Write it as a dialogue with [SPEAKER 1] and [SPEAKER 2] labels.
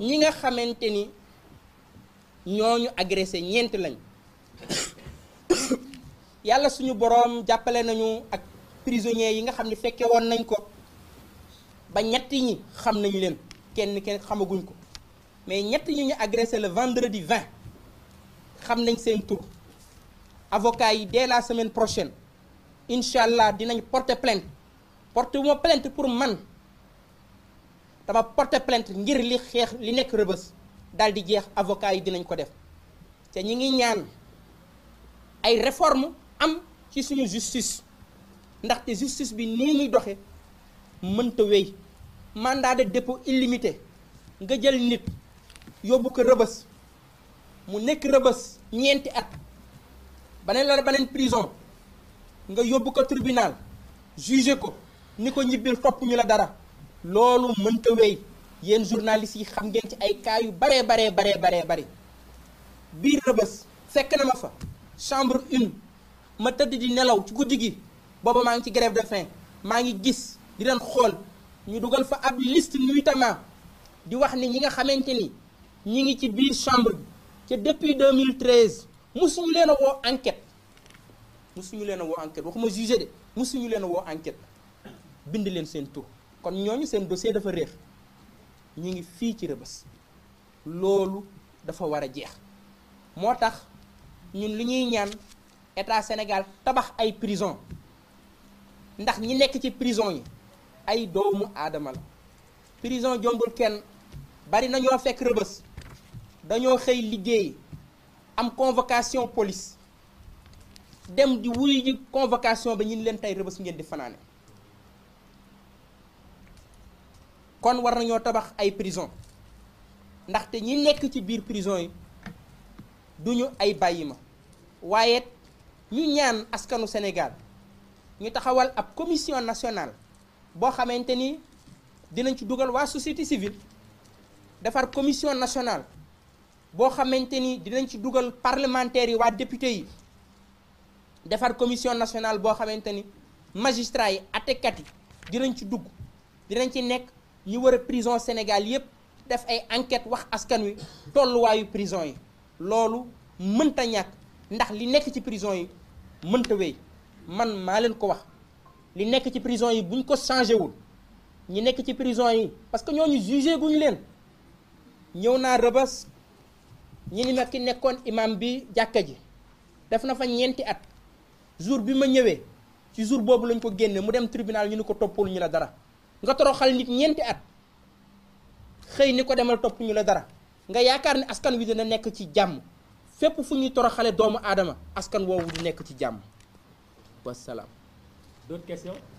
[SPEAKER 1] ñi nga xamante ni ñooñu agressé ñeent lañ yàlla suñu boroom jàppale nañu ak prisonniers yi nga xam ni fekke woon nañ ko ba ñett ñi xam nañ leen kenn kenn xamaguñ ko mais ñett ñi ñu agressé le vendredi 20 xam nañ seen tur avocat yi dès la semaine prochaine incha allah dinañ porter plainte porte bu ma plainte pour man dama porter plainte ngir li xeex li nekk rëbës daal di jeex avocat yi dinañ ko def te ñi ngi ñaan ay réforme am ci suñu justice ndaxte justice bi nii ñuy doxe mënta wéy mandat de dépôt illimité nga jël nit yóbbu ko rëbës mu nekk rëbës ñeenti at baneen la baneen prison nga yóbbu ko tribunal jugé ko ni ko ñibbil topp ñu la dara loolu mënta wéy yéen journalistes yi xam ngeen ci ay cas yu baree baree baree baree bari biir rëbës fekk na ma fa chambre une ma tëdd di nelaw ci guddi gi booba maa ngi ci grève de faim maa ngi gis di leen xool ñu dugal fa ab liste nuitamment di wax ni ñi nga xamante ni ñi ngi ci biir chambre bi ca depuis 2013 musuñu leen a woo enquête musuñu leen a woo enquête waxuma jugé de musuñu leen a woo enquête bind leen seen tur kon ñooñu seen dossier dafa réer ñu ngi fii ci rëbës loolu dafa war a jeex moo tax ñun li ñuy ñaan état Sénégal tabax ay prison ndax ñi nekk ci prison yi ay doomu aadama la prison jombul kenn bari na ñoo fekk rëbës dañoo xëy liggéey am convocation police dem di wuy ji convocation ba ñu leen tey rëbës ngeen di fanaane kon war nañoo tabax ay prison ndaxte ñi nekk ci biir prison yi du duñu ay bàyyi ma waaye ñu ñaan askanu Sénégal ñu taxawal ab commission national boo xamante ni dinañ ci dugal waa société defar commission nationale boo xamante ni dinañ ci dugal parlementaires yi waa député yi defar commission nationale boo xamante ni magistrats yi àttekat yi dinañ ci dugg dinañ ci nekk yi war a prison Sénégal yépp def ay enquête wax askan wi tolluwaayu prison yi loolu mënta ñàkk ndax li nekk ci prison yi mënta wéy man maa leen ko wax li nekk ci prison yi buñ ko changé wul ñi nekk ci prison yi parce que ñooñu jugé guñu leen ñëw naa rëbës ñu ni ma ki nekkoon imam bi jàkka ji def na fa ñeenti at jour bi ma ñëwee ci jour boobu lañ ko génne mu dem tribunal ñu ni ko toppul ñu la dara nga toroxal nit ñeenti at xëy ni ko demal topp ñu la dara nga yaakaar ne askan wi dina nekk ci jàmm fépp fu ñuy toroxale doomu aadama askan woowu du nekk ci jàmm wasalaam. d'autres